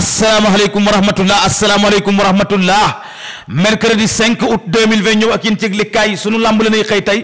asalaamaaleykum wa rahmatullah asalaamaaleykum wa rahmatullah mercredi 5 mille 2020 ñëw ak yéen ci yëglikaay yi sunu làmb la ñuy xëy tey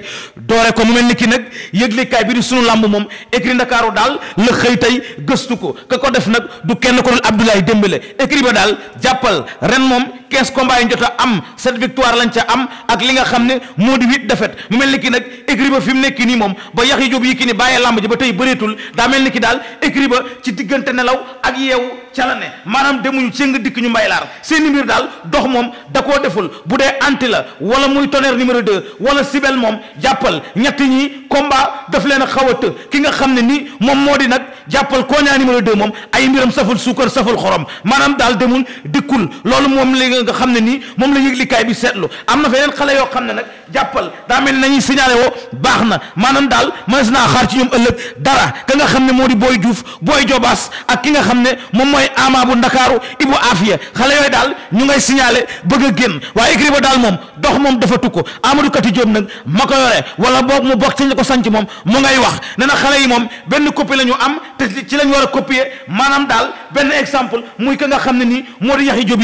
doore ko mu mel ni ki nag yëglikaay bi di sunu lamb moom écrit ndakaaru daal la xëy tey gëstu ko ka ko def nag du kenn ko dul Abdoulaye Dembélé écrit ba daal jàppal ren moom quinze combats yi jot a am sept victoire lañ ca am ak li nga xam ne moo di huit défaites mu mel ni ki nag écrit ba fi mu nekk nii moom ba yax yi jóob yi ki ni bàyyee làmb ji ba tey bëreetul daa mel ni ki daal écrit ba ci diggante nelaw ak yeewu ca la ne maanaam demuñu cëng dikk ñu mbay laar seeni mbir daal dox moom da koo deful bu dee anti la wala muy tonnerre numéro deux wala sibel moom jàppal ñett ñi combat daf leen a xaw a të ki nga xam ne ni moom moo di nag jàppal kooñaa numéro deux moom ay mbiram saful suukar saful xorom maanaam daal demul dikkul yooyu nga xam ne nii moom la yëglikaay bi seetlu am na feneen xale yoo xam ne nag jàppal daa mel nañuy signalé woo baax na maanaam daal mënees naa xaar ci ñoom ëllëg dara ka nga xam ne moo di booy juuf booy jobaas ak ki nga xam ne moom mooy ama bu ndakaaru ibu afiya xale yooyu daal ñu ngay signalé bëgg a génn waaye écrit ba daal moom dox moom dafa tukko amadou kati jóob nag ma ko yore wala boog mu bokk ci ñu ko sanc moom mu ngay wax ne na xale yi moom benn copie la ñu am te ci lañ war a copier maanaam daal benn exemple muy ka nga xam ne nii moo di yax yi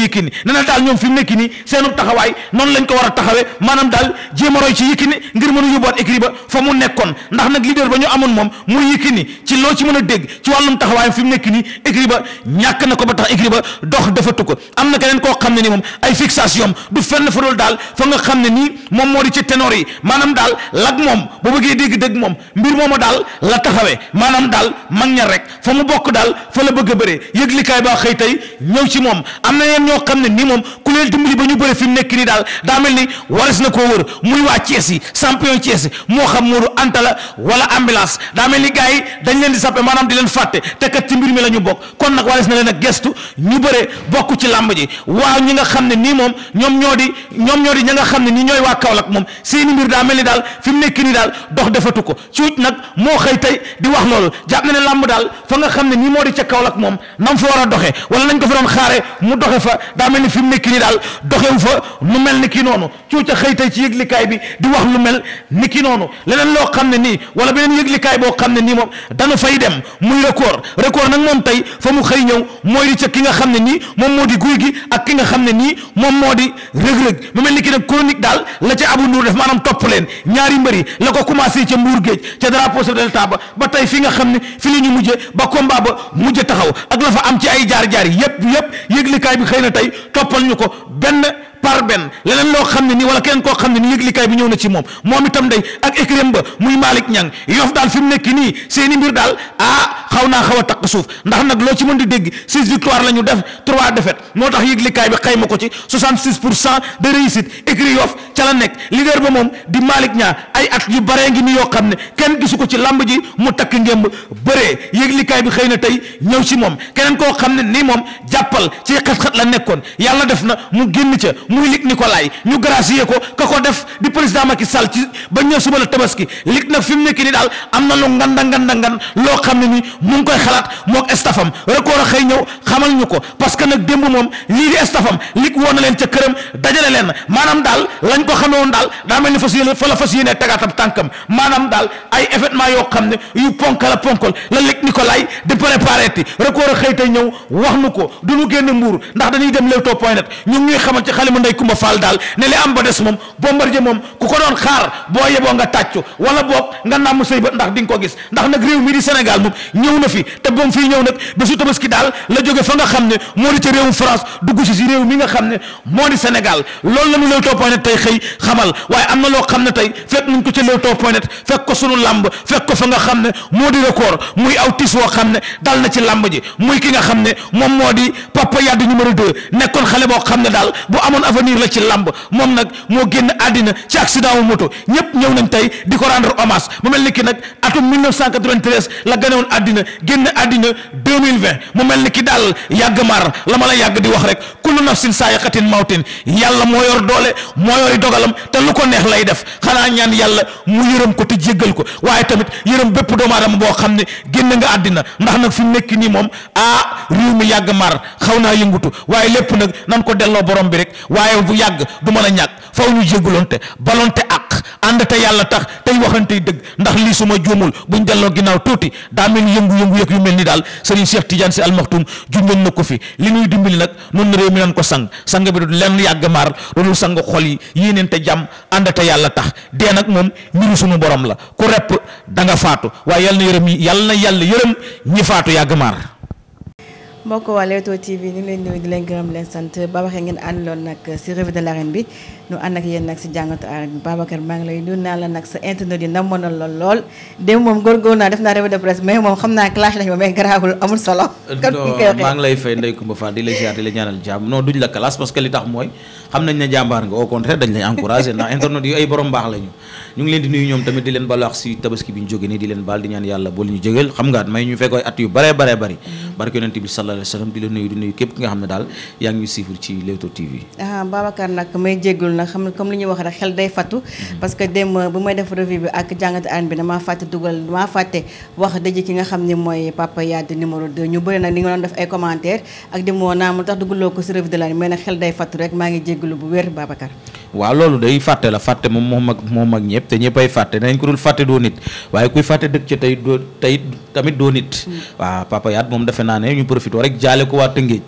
ñoom fi mu nekk nii seenub taxawaay noonu lañ ko war a taxawee maanaam daal a roy ci Yékini ngir mën a yóbbuwaat écurie ba fa mu nekkoon ndax nag moom muy Yékini ci loo ci mën a dégg ci wàllum taxawaay fi mu nii écurie ba ñàkk na ko ba defatu ko am na keneen koo xam ne nii moom ay fixation du fenn fa dul daal fa nga xam ne nii moom moo di ci ténor yi maanaam daal lag moom bu bëggee dégg dëgg moom mbir moomu daal la taxawee maanaam daal mag ña rek fa mu bokk daal fa la bëgg a bëree yëglikaay ba xëy tey ñëw ci moom am na yeen ñoo xam ne nii moom ku leen dimbali ba ñu bëri fi mu nekk nii daal daa mel ni waris na koo wër muy waa Thiès yi champion Thiès yi moo xam mel ni gars yi dañ leen di sappe maanaam di leen fàtte te kat ci mbir mi la ñu bokk kon nag na leen a gestu ñu bëre bokk ci làmb ji waaw ñi nga xam ne nii moom ñoom ñoo di ñoom ñoo ña nga xam ne nii ñooy waa Kaolack moom seeni mbir daa mel ni daal fi mu nekk nii daal dox defatu ko cuuc nag moo xëy tey di wax loolu jàpp na ne làmb daal fa nga xam ne nii moo di ca Kaolack moom nam fa war a doxe wala nañ ko fa doon xaare mu doxe fa daa mel ni fi nekk ki ni daal doxewu fa nu mel ni ki noonu cuuca xëy tey ci yëglikaay bi di wax lu mel ni ki noonu leneen loo xam ne nii wala beneen yëglikaay boo xam ne nii moom danu fay dem muy record record nag moom tey fa mu xëy ñëw mooy di ca ki nga xam ne nii moom moo di guy gi ak ki nga xam ne nii moom moo di rëg-rëg mu mel ni ki ko chronique daal la ca abu nduur def maanaam topp leen ñaari mbëri la ko commencé ci mbuur géej ca drapeau chef de l'état ba ba tey fi nga xam ne fi la ñu mujje ba combat ba mujje taxaw ak la fa am ci ay jaar jaar yépp yépp yëglikaay bi xëy na tey defuñu ko benn par benn leneen loo xam ne nii wala kenn koo xam ne nii yëglikaay bi ñëw na ci moom moom itam day ak écrém ba muy Malick Niang Yoff daal fi mu nekk nii seeni mbir daal ah xaw naa xaw a taq suuf ndax nag loo ci mën di dégg six victoire la ñu def trois défaites moo tax yëglikaay bi ma ko ci 66 pour cent de réussite écrit Yoff ca la nekk leader ba moom di Malick Niang ay at yu baree ngi ni yoo xam ne kenn gisu ko ci làmb ji mu takk ngémb bëree yëglikaay bi xëy na tey ñëw ci moom keneen koo xam ne nii moom jàppal ci xat-xat la nekkoon yàlla def na mu génn ca muy Luc Nicolaï ñu gracier ko ka ko def di président Macky Sall ci ba ñëw suba la tabaski Luc nag fi mu nii daal am na lu nganda nganda ngan loo xam ne ni mu ngi koy xalaat moog estafam record a xëy ñëw xamal ñu ko parce que nag démb moom lii di estafam Luc woon na leen ca këram dajale leen maanaam daal lañ ko xamee woon daal daa mel ni fas yéene fa la fas yéene tegaatam yoo xam ne yu ponkala la Luc Nicolaï di a xëy tey ñëw nu ko du ñu génn mbuur ndax dañuy dem Leewtoo point net ñu ngi xamal ci xalima ndey Kumba Faal daal ne li am ba des moom Bombardier moom ku ko doon xaar boo yeboo nga tàccu wala boog nga nàmm say bët ndax di nga ko gis ndax nag réew mi di Sénégal moom ñëw na fi te boom fii ñëw nag bésu tabaski daal la jóge fa nga xam ne moo di ca réewum France si réew mi nga xam ne moo di Sénégal loolu la ñu Leewtoo point net tey xëy xamal waaye am na loo xam ne tey fekk nañ ko ca Leewtoo point net fekk ko sunu làmb ko fa nga xam ne moo di record muy aw tiis woo xam ne dal na ci làmb ji muy ki nga xam ne moom moo di Papa Yade numéro 2 nekkoon xale boo xam ne daal bu amoon avenir la ci lamb moom nag moo génn àddina ci accident wu moto ñëpp ñëw nañ tey di ko rendre hommage mu mel ni ki nag atum 1993 la ganewoon àddina génn àddina 2020 mu mel ni ki daal yàgg mar la ma la yàgg di wax rek kullu nafsin saayiqatin mawtin yàlla moo yor doole moo yori dogalam te lu ko neex lay def xanaa ñaan yàlla mu yërëm ko te jéggal ko waaye tamit yërëm bépp doomu aadama boo xam ne génn nga àddina ndax nag fi mu nekk nii moom ah réew mi yàgg mar xaw naa yëngutu waaye lépp nag nan ko delloo borom bi rek waaye bu yàgg du man a ñàkk faw ñu jéggaloonte balonte ak ànd te yàlla tax tey waxante dëgg ndax lii su ma juumul buñ delloo ginnaaw tuuti daa mel ni yëngu-yëngu yëg yu mel ni daal Serigne Cheikh Tidiane Sy Al Maktoum junjoon na ko fi li ñuy dimbali nag noonu na réew mi nan ko sang sang bi du lenn yàgg maar loolu sang xol yi te jàmm ànd te yàlla tax dee nag moom mbiru suñu borom la ku repp da nga faatu waaye yàlla na yërëm yàlla na yàlla yërëm ñi faatu yàgg maar mbokk waa Leewtoo TV ñu ngi leen nuyu di leen gërëm leen sant Babacar ngeen àndaloon nag si revue de l'arène bi ñu ànd ak yéen nag si jàngatu arène bi Babacar maa ngi lay nuyu naa la nag sa internet yi na mënal lool lool démb moom góorgóor naa def la ziar di la ñaanal jàmm non duñ la clash parce que li tax mooy xam nañ ne jàmbaar nga au contraire dañ lay encouragé ndax internet yu ay borom baax lañu ñu ngi leen di nuyu ñoom tamit di leen balaax si tabaski bi ñu jóge nii di leen baal di ñaan yàlla bool sallallahu alayhi wa sallam di la nuyu di nuyu képp nga xam ne daal yaa ngi ñu ci Leewtoo TV. ah nag may jéggul nag xam ne comme li ñuy wax rek xel day fattu. Mm-hmm. parce que dem bu may def revue bi ak jàngatu aan bi damaa fàtte dugal damaa fàtte wax dëj ki nga xam ne mooy Papa Yade numéro 2 ñu bëri nag li nga doon def ay commentaire ak demoo naa mu tax dugaloo ko si revue de l'année mais xel day fattu rek maa ngi jéggulu bu wér Babacar waaw loolu day fàtte la fàtte moom moo mag moo mag ñëpp te ñëppay fàtte nañ ko dul fàtte doo nit waaye kuy fàtte dëkk ca tey doo tey tamit doo nit hmm. waaw papa yaat moom defe naa ne ñu profité rek jaale ko waa Tëngéej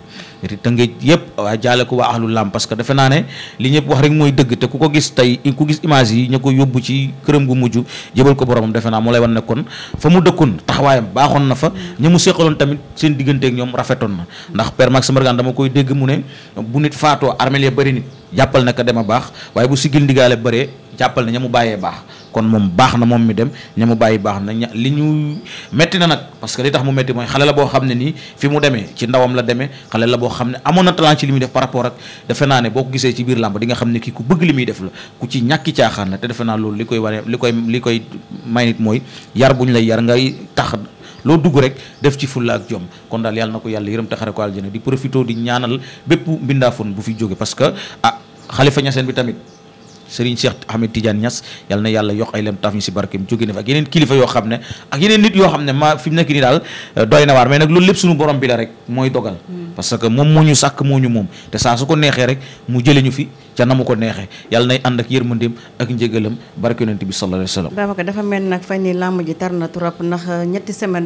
Tëngéej yëpp waa jaale ko waa ahlu lam parce que defe naa ne li ñëpp wax rek mooy dëgg te ku ko gis tey ku gis image yi ñu ko yóbbu ci këram gu mujj jëbal ko boromam defe naa mu lay wan ne kon fa mu dëkkoon taxawaayam baaxoon na fa hmm. ñi mu seqaloon tamit seen digganteeg ñoom rafetoon na ndax Père Max Mbargane dama koy dégg mu ne bu nit faatoo armeel ya bëri jàppal na ko dem a baax waaye bu sigil ndigaale bëree jàppal na ña bàyyee baax kon moom baax na moom mi dem ña bàyyi baax na ña li ñu metti na nag parce que li tax mu metti xale la boo xam ne nii fi mu demee ci ndawam la demee xale la boo xam ne amoon na talent ci li muy def par rapport ak defe naa ne boo ko gisee ci biir làmb di nga xam ne kii ku bëgg li muy def la ku ci ñàkki caaxaan la te defe naa loolu li koy wane li koy li koy may nit mooy yar bu ñu lay yar ngay tax loo dugg rek def ci fulla ak jomb kon daal yàlla na ko yàlla yërëm taxare ko aljana di profito di ñaanal xalifa ñaseen bi tamit Serigne Cheikh Ahmed Tidiane Niass yal na yàlla yokk ay lem ñu si barkeem jóge na fa ak yeneen kilifa yoo xam ne ak yeneen nit yoo xam ne ma fi euh, mooy dogal hmm. parce que moom moo ñu sàkk moo ñu moom te saa su ko neexee rek mu jëlee ñu fi ca na mu ko neexee yàlla làmb ji tar na si euh,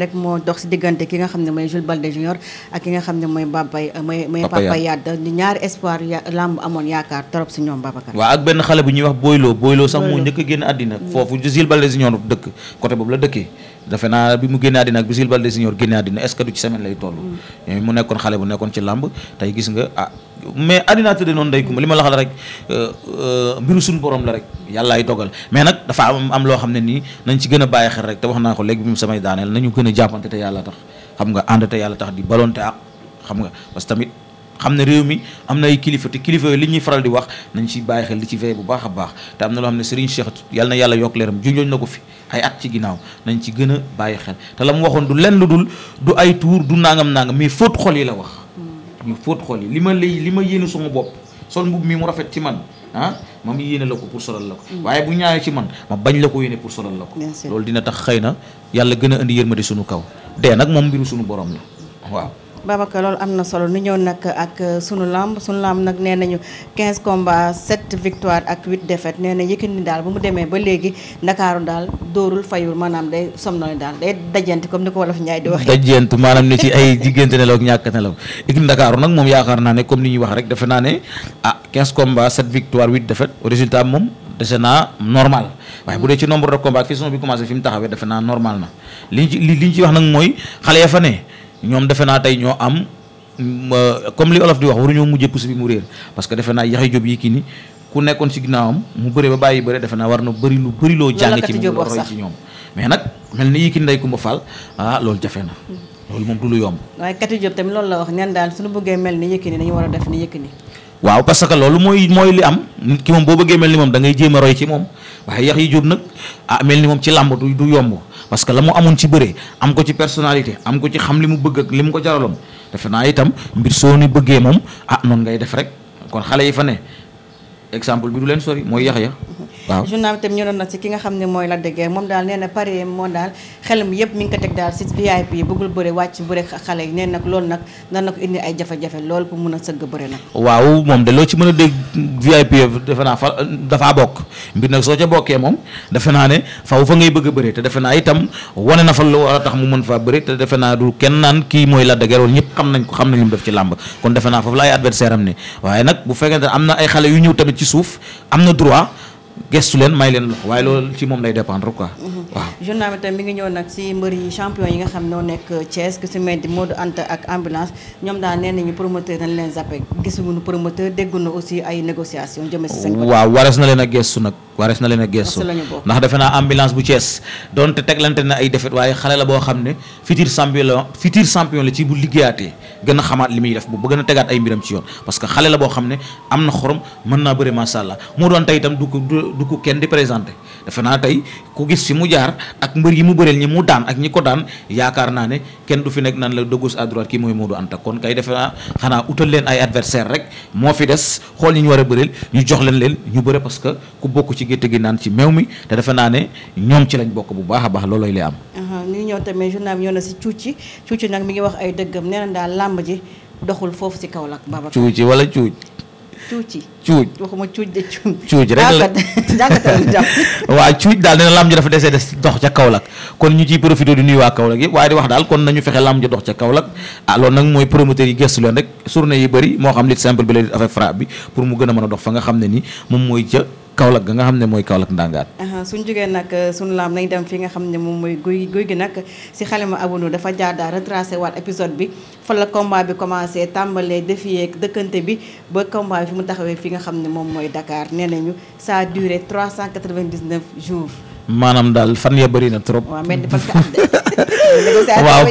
diggante ki nga xam ne mooy Jules Balde Junior ak ki nga xam ne mooy Babay euh, mooy Papa Yade ñaari espoir làmb bu ñuy wax Boylo Boylo sax moo njëkk a génn àddina mm. foofu Jules Balde Junior dëkk côté boobu la dëkkee defe naa bi mu génne àddina ak bi Jules Balde àddina est ci semaine lay toll mm. mu nekkoon xale bu nekkoon ci làmb tey gis nga ah mais àddina tëddee noonu day kumba li ma la wax la rek euh, euh, mbiru suñu borom la rek yàllaay dogal mais nag dafa am am loo xam ne nii nañ ci gën a bàyyi xel rek te wax naa ko léegi bi mu samay daaneel nañu gën a jàppante te yàlla tax xam nga ànd te yàlla tax di balonte xam ne réew mi am na ay kilifa te kilifa yooyu li ñuy faral di wax nañ ci bàyyi xel di ci veille bu baax a baax te am na loo xam ne Serigne Cheikh yal na yàlla yokk leeram junjoon na fi ay at ci ginnaaw nañ ci gën a bàyyi xel te la mu waxoon du lenn lu dul du ay tuur du nangam nangam mais fóot xol yi la wax. fóot xol yi li ma lay li ma yéene sama bopp sol mbubb mi mu rafet ci man ah ma mu yéene la ko pour solal la ko. Mm. waaye bu ñaawee ci man ma bañ la ko yéene pour solal la ko. loolu dina tax na yàlla gën a indi yërmande suñu kaw dee nag moom mbiru suñu borom la waaw Babacar loolu am na solo nu ñëw nag ak sunu lamb sunu lamb nag nee nañu 15 combats 7 victoires ak 8 défaites nee na Yékini daal bu mu demee ba léegi ndakaaru daal dóorul fayul maanaam day somnoli daal day dajante comme ni ko wolof Njaay di waxee. dajante maanaam ne moom yaakaar naa ne comme ni ñuy wax rek defe naa ne ah 15 combats 7 victoires 8 défaites au résultat naa normal waaye bu dee ci nombre mooy xale fa ne. ñoom defe naa tey ñoo am comme li olof di wax waruñoo mujjee pousse bi mu réer parce que defe naa yaxi job yi kii ni ku nekkoon ci ginnaawam mu bëre ba bàyyi bëre defe naa war na bëri lu bëri loo jàng ci mu roy ci ñoom mais nag mel ni Yékini Ndey Kumba Fall ah, loolu jafe na mm. loolu moom du lu yomb waaye Kati Diop tamit loolu la wax neen daal suñu bëggee mel ni Yékini dañu war a def ni Yékini waaw parce que loolu mooy mooy li am ki moom boo bëggee mel ni moom da ngay jéem a roy ci moom waaye Yaxya Jóob nag ah mel ni moom ci làmb du du yomb parce que la mu amoon ci bëre am ko ci personnalité am ko ci xam li mu bëgg ak li mu ko jaraloon defe naa itam mbir soo ni bëggee moom ah noonu ngay def rek kon xale yi fa ne exemple bi du leen sori mooy yax ya waaw journal bi tam ñëwoon na si ki nga xam ne mooy Lac de moom daal nee pare moom daal xelam mi ngi ko teg daal si VIP bëggul bëre wàcc bëre xale yi nee nag loolu nag nan na ko indi ay jafe-jafe loolu pour mun a sëgg bëre nag waaw moom de defe naa fa dafaa bokk mbir ne faw fa ngay bëgg a bëre te defe naa itam wane na fa lu war a tax mu mën faa bëre te defe naa du kenn naan kii mooy Lac de Guiers loolu xam nañ ko xam nañ li mu def ci làmb kon defe naa foofu la ay adversaire gestu leen may leen loxo waaye loolu ci moom lay dépendre quoi. Mhm. waaw journal bi tam mi ngi ñëw nag si mbër yi champion yi nga xam noo nekk Thiès ku si mel ni Modou Anta ak ambulance ñoom daal nee nañu promoteur dañ leen zappé gisuñu promoteur dégguñu aussi ay négociations jëmee waaw warees na leen a gestu nag. warees na leen a geestu ndax defe naa ambulance bu Thiès donte teglante na ay defet waaye xale la boo xam ne futur champion futur champion la ci bu liggéeyaatee gën a xamaat li muy def bu ba gën a tegaat ay mbiram ci yoon parce xale la boo xam ne am na xorom mën naa bëri macha allah mu doon tey itam du ko kenn di présenté defe naa tey ku gis fi mu jaar ak mbër yi mu bëreel ñi mu daan ak ñi ko daan yaakaar naa ne kenn du fi nekk naan la de gauche a koy tëggi naan ci meew mi te defe naa ne ñoom ci lañ bokk bu baax a baax loolooy lay am ñu ngi ñëw tamit journal bi ñëw na si cuuci cuuci nag mi ngi wax ay dëggam nee na daal làmb ji doxul waxuma cuuc de cuuc cuuc rek la jàngatal jàpp waaw cuuc daal nee na làmb ji dafa desee des dox ca Kaolack kon ñu ciy profité di nuyu waa Kaolack yëpp waaye di wax daal kon nañu fexe làmb ji dox ca Kaolack ah loolu nag mooy promoteur yi gëstu leen rek journée yi bëri moo xam lit simple bi la lit avec frappe bi pour mu gën a mën a dox fa nga xam ne Kaolack ga nga xam ne mooy Kaolack ndangaat suñ jógee nag euh, suñu laam nañ dem fi nga xam ne moom mooy guy guy gi nag si xalima abunu dafa jaadaar retracé waat épisode bi fa la combat bi commencé tàmbalee défier dëkkante bi ba combat bi fi mu taxawee fi nga xam ne moom mooy Dakar nee nañu ça a duré 399 jours maanaam daal fan ya bëri na trop waaw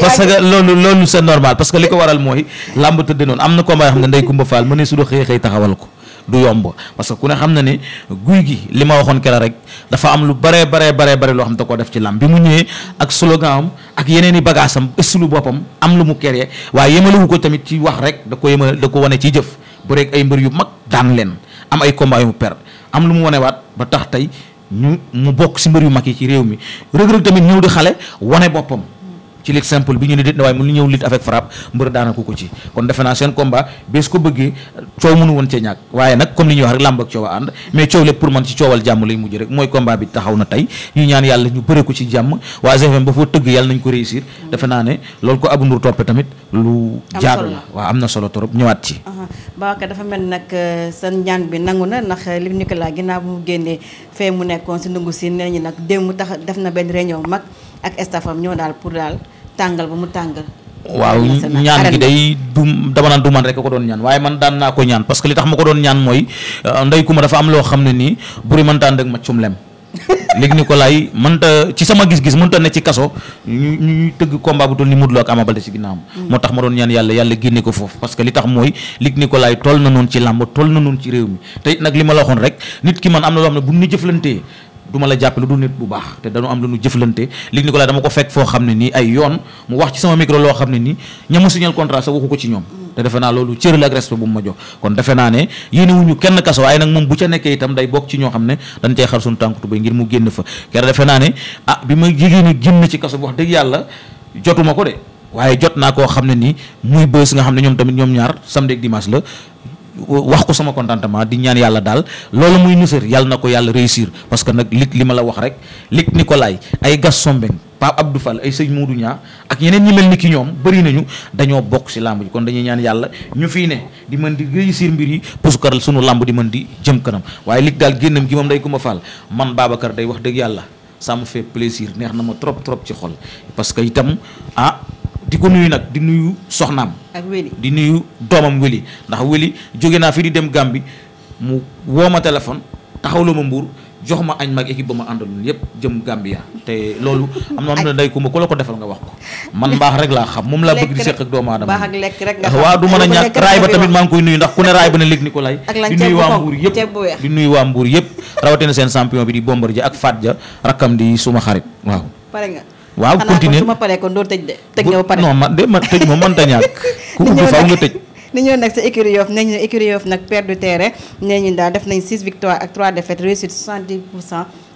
parce que loolu loolu c'est normal parce que li ko waral mooy làmb tëdd noonu am na combat xam nga ndey Kumba Faal mu ne ko du yomb parce que ku ne xam na ne guy gi li ma waxoon keroog rek dafa am lu bare bare bare loo xam da ko def ci lamb bi mu ñëwee ak slogan am ak yeneeni i am estilu boppam am lu mu créé waaye yemalewu ko tamit ci wax rek da ko yemale da ko wane ci jëf bu rek ay mbër yu mag daan leen am ay combat yu mu perdre am lu mu wane waat ba tax tey ñu mu bokk si mbër yu mag yi ci réew mi Reug Reug tamit ñëw di xale wane boppam ci lutte simple bi ñu ne déet na waaye mu naa a ànd mais na tey ñu ne loolu ko Abou Ndour toppe tamit lu jaadu la waaw am na solo trop ñëwaat ci baaka dafa mel nag euh, seen ñaan bi nangu na ndax euh, li Nicolas ginnaaw bu mu génnee fee mu nekkoon si ndungu si nee nañu nag démb tax def na benn réunion mag ak estafam ñoo daal pour daal tàngal ba mu tàngal. waaw ñaan gi day du dama naan du man rek ko doon ñaan waaye man daan naa ko ñaan parce que li tax ma ko doon ñaan mooy euh, ndey ku ma dafa am loo xam ne nii buri man taan ma cum lem léegi ni ko laay mënta ci sama gis-gis mënta ne kaso ñu ñu tëgg combat bu toll mm. tax ma doon ñaan yàlla yàlla génne ko foofu parce que li tax mooy lig ni ko laay toll na noonu ci làmb toll na noonu ci réew mi te nag li ma la waxoon rek nit ki man am na loo xam ne bu ñu jëflantee duma la jàppe lu dul nit bu baax te dañu am lu ñu jëflante Luc Nicolaï dama ko fekk foo xam ne nii ay yoon mu wax ci sama micro loo xam ne nii ña mu signal contrat sa ko ci ñoom te defe naa loolu cër la ak respect bu mu ne yéene wuñu kenn kaso waaye nag moom bu ca nekkee itam day bokk ci ñoo xam ne dañ cay xar suñu tànk tubéy ngir mu génn fa kere defe naa ne ah bi ma jigéen ni génn ci kaso bi wax dëgg yàlla jotuma ko de waaye jot naa koo xam ne nii muy bës nga xam ne ñoom tamit ñoom ñaar samedi ak dimanche la wax ko sama contentement di ñaan yàlla daal loolu muy nësër yàlla na ko yàlla réussir parce que nag lig li ma la wax rek lig Nicolay ay Gaston Mbengue Pape Abdou Fall ay sëñ Modou Niang ak yeneen ñi mel ni ki ñoom bëri nañu dañoo bokk ci làmb ji kon dañuy ñaan yàlla ñu fii ne di mën di réussir mbir yi pour que sunu làmb di mën di jëm kanam waaye lig daal génnam gi moom day ko ma man Babacar day wax dëgg yàlla ça me fait neex na ma trop trop ci xol di ko nuyu nag di nuyu soxnaam di nuyu doomam wéli ndax wéli jóge naa fi di dem Gàmbi mu woo ma téléphone taxawloo ma mbuur jox ma añ mag équipe ba ma àndaloon yépp jëm Gambia te loolu am na am na ndey ku ma la ko defal nga wax ko man baax rek laa xam moom laa bëgg di seq ak doomu aadama waaw du mën a ñàkk raay ba tamit maa ngi koy nuyu ndax ku ne raay ba ne léegi Nicolay di nuyu waa mbuur di nuyu waa mbuur yëpp rawatina seen champion bi di Bombardier ak faat Dia rakkam di suma xarit waaw waaw continuer xanaa kon su ma paree kon doo tëj de. tëj nga ba pare non man de man tëj moom mënta ku ubbi faaw nga tëj. ni ñëw nag sa écurie nee ñu ne écurie nag perte de terrain nee ñu daal def nañ 6 victoires ak 3 défaites réussite 70 pour cent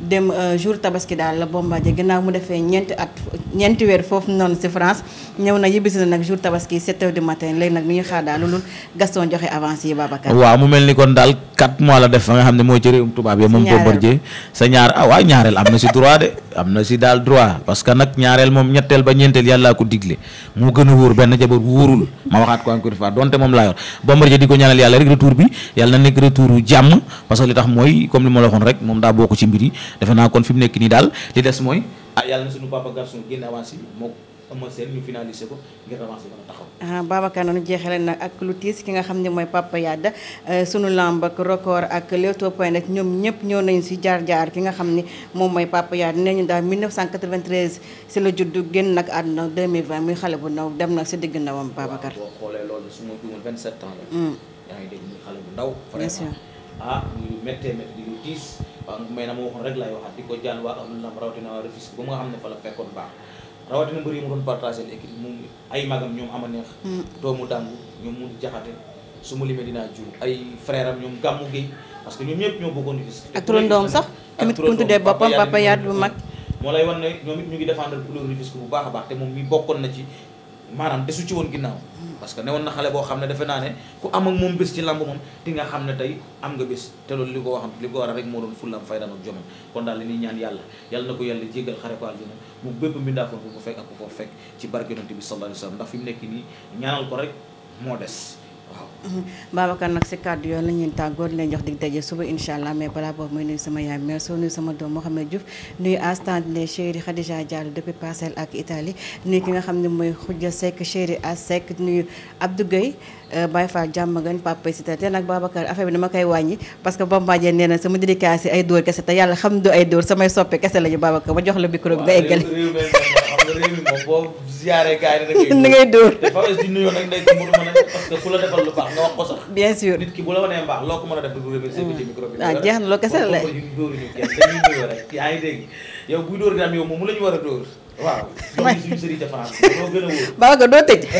dem euh, jour tabaski daal la Bombardier gannaaw mu defee ñeenti at ñeenti weer foofu noonu si France ñëw na yibbisi na nag jour tabaski 7 heures du matin léegi nag mi ñu xaar daal loolu Gaston joxe avance yi Babacar. waaw mu mel ni kon daal 4 mois la def fa nga xam ne mooy ci réewum tubaab moom Bombardier sa ñaar ah waaw ñaareel am na si na si daal droit parce que nag ñaareel moom ñetteel ba ñeenteel yàllaa ko digle moo gën a wóor benn jabar wóorul ma waxaat ko encore une fois donte moom laa yor Bombardier di ko ñaanal yàlla rek retour bi yàlla na nekk retour jàmm moom daa bokk ci mbir yi defe naa kon fi mu nekk nii daal li des mooy ah yàlla na suñu papa garçon génn avancé bi moo ama seen ñu finalisé ko ngir avancé mën a taxaw ah Babacar nañu jeexale nag ak lu tiis ki nga xam ne mooy Papa Yada euh, sunu lamb ak record ak Leewtoo point ak ñoom ñëpp ñëw nañu si jaar-jaar ki nga xam ne moom mooy Papa Yada nee ñu daal 1993 si la judd génn nag àdduna 2020 muy xale bu ndaw dem na si digg ndawam Babacar boo xoolee loolu su ma juumoon 27 ans la mm. diis may na ma waxoon rek laay waxaat di ko jàll waa amul lam rawatina waa Rufisque mu nga xam ne fa la fekkoon baax rawatina mbër yi mu doon partagé l'équipe moom ay magam ñoom ama neex mm. doomu dàngu ñoom mu jaxate su ma limee dinaa jur ay frère ñoom gàmmu géey parce que ñoom ñëpp ñoo bëggoon Rufisque ak turandoom sax tamit ku boppam papa yaat bu mag moo lay wan ne ñoom it ñu ngi défendre couleur Rufisque bu baax a baax te moom mi bokkoon na ci maanaam desu ci woon ginnaaw parce que ne newoon na xale boo xam ne defe naa ne ku am ak moom bés ci làmb moom di nga xam ne tey am nga bés te loolu li ko waxam li ko a rek moo doon fulla am faydaam ak jomam kon daal li ñaan yàlla yàlla na ko yàlla jégal xare ko aljana mu bépp mbindaafoon bu ko fekk ak ku ko fekk ci barke yonent bi sallallahu alayhi wa sallam ndax fi nekk nii ñaanal ko rek moo des Mm-hmm. Babacar nag si kàddu yoon la ñuy tàggoo di jox di daje suba incha allah mais balaa boobu may nuyu sama yaay mère soo nuyu sama doom Mouhamed Diouf nuyu Astan les chéri Khadija Diallo depuis Parcelles ak itali nuyu ki nga xam ne mooy Khoudia Seck chéri A Seck nuyu Abdou Gueye euh, Baye Fall jàmmagan papa si te nag Babacar affaire bi dama koy wàññi parce que Bombardier nee na sama dédicace ay dóor kese te yàlla xam du ay dóor samay soppe kese lañu Babacar ma jox la micro bi nga boo ziaree gars yi da ngay dóor te fawees parce que ku la defal lu baax nga wax ko sax bien sûr nit ki bu la wanee mbaax loo ko mën a def dugg remercier bi mm. ci micro bi waaw ah, jeex na rek yow buy dóor dam yow moom mu la ñu war a dóor waaw ñoom suñu sëriñ ca France doo tëj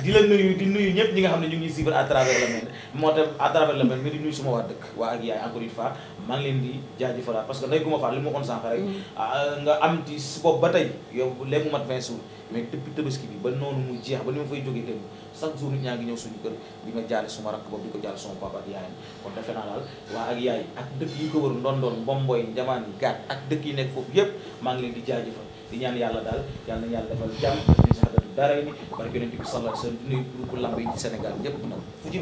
di la nuyu di nuyu ñëpp ñi nga xam ne ñu ngi suivre à travers le moo tax à travers di nuyu suma waa dëkk waa ak yaay encore une fois maa ngi leen di jaajëfalaat parce que nay guma faat li ma waxoon sànq rek mm-hmm. ah, ba tey yow jeex ba ni ma fay jógee dem chaque jour nit ñaa ngi ñëw di ma ko jaale suma papa ak yaayam kon defe naa daal waa ak yaay ak dëkk yi ko wër ndondoon mbomboy njamaan yi gaat ak dëkk yi nekk foofu yépp maa ngi leen di ñaan yàlla daal yàlla na yàlla defal jàmm ñu sax datu dara ni barke yonent bi sallallahu alayhi wasallam di nuyu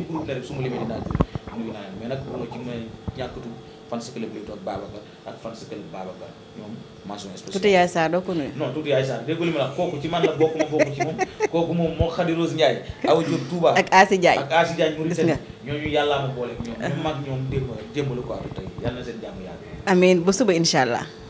groupe su ma limee dinaa jóg nuyu naa mais nag bu ma ci may ñàkkatu fans club Leewtoo ak Babacar ak fans club Babacar ñoom mention spéciale tuuti Yaay Sarr doo ko nuyu non tuuti Yaay Sarr déggu li ma la kooku ci man la bokk ma ci moom kooku moom moo Khady Rose Ndiaye Awa Diop ak Asi ak Asi mu gis nga ñooñu yàllaa ma boole ñoom ñu mag ñoom démb démb la ko atu tey yàlla na seen jàmm yàgg amiin ba suba incha allah